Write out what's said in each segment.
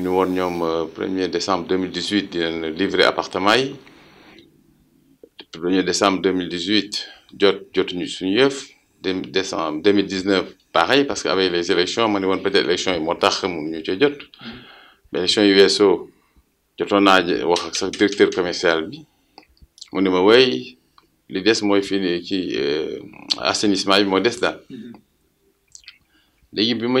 nous ni woon 1er décembre 2018 livré appartement yi 1er décembre 2018 jot jotuñu suñu yëf décembre 2019 pareil parce qu'avec les élections ma ne woon peut-être élections yi moo tax mënuñu mais élections USO weesoo jotoon naa wax ak directeur commercial bi mu ne ma wéy li des mooy fii nii ci euh, assainissement bi moo des daal mm-hmm. léegi bi ma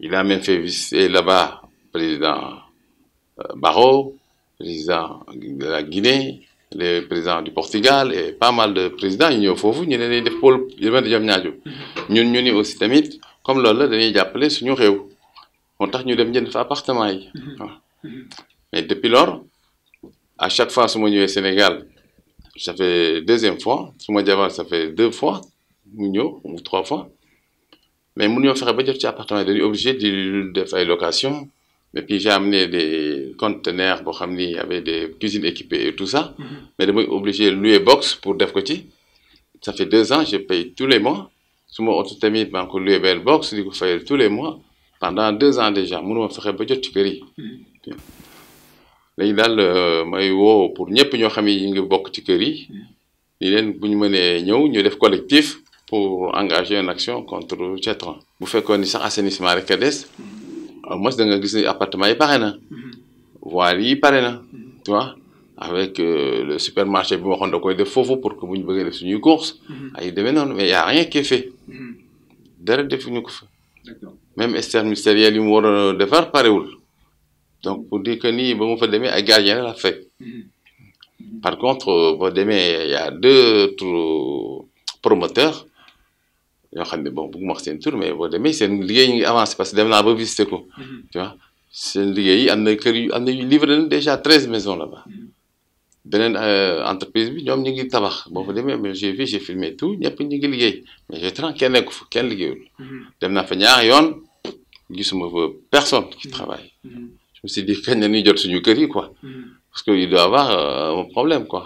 Il a même fait visiter là-bas le président euh, Barrault, président de la Guinée, le président du Portugal et pas mal de présidents Il ñëw a ñu ne dañuy def pôle urbain de Diamniadio ñu ni aussi tamit comme loolu la dañuy appelé, suñu réew On tax ñu dem jënd fa appartement mhm. Mhm. mais depuis lors à chaque fois je suis au Sénégal ça fait deuxième fois ce mois d'avant, ça fait deux fois ou trois fois mais mënuñoo fexe ba jot ci appartement est obligé de faire location et puis j'ai amené des conteneurs pour avec des cuisines équipées et tout ça. Mm -hmm. mais damay obligé louer box pour def ko ci. ça fait deux ans je paye tous les mois Sur mon autre tamit maa ngi ko loué une box du coup faire tous les mois pendant deux ans déjà mënuma fexe ba jot ci kër yi. léegi daal euh, may woo pour ñëpp ñoo xam ni ñu ngi bokk ci kër yi. Mhm. ni leen bu ñu mënee ñëw ñu def collectif pour engager une action contre Jethro Vous faites ni sax assainissement rek Moi, des au moins da nga gis appartement yi pare na il yi tu vois avec euh, le supermarché bi waxoon da koy faux pour que vous ñu une course. suñuy courses. ay des noonu mais y a rien qui est fait Rien defuñu ko fa même Esther ministériel yi mu faire a defar donc pour dire que nous, vous faites fa demee ay gardien la fête. par contre il euh, il y a deux promoteurs ñoo xam ne bon bugguma wax seen tur mais boo demee seen liggéey ñu ngi avancé parce que dem naa ba visité ko. Mm-hmm. tu vois seen liggéey yi am na kër yu am na yu livré nañ déjà treize maisons là-bas. Mm-hmm. beneen euh, entreprise bi ñoom ñu ngi tabax boo fa demee mais j'ai vu j'ai filmé tout ñëpp ñu ngi liggéey mais j'ai trente kenn nekku fa kenn liggéeyul. Mm-hmm. dem naa fa ñaar yoon gisuma fa personne qui travaille. je me suis dit kañ la ñuy jot suñu kër yi quoi. parce que il doit avoir euh, un problème quoi.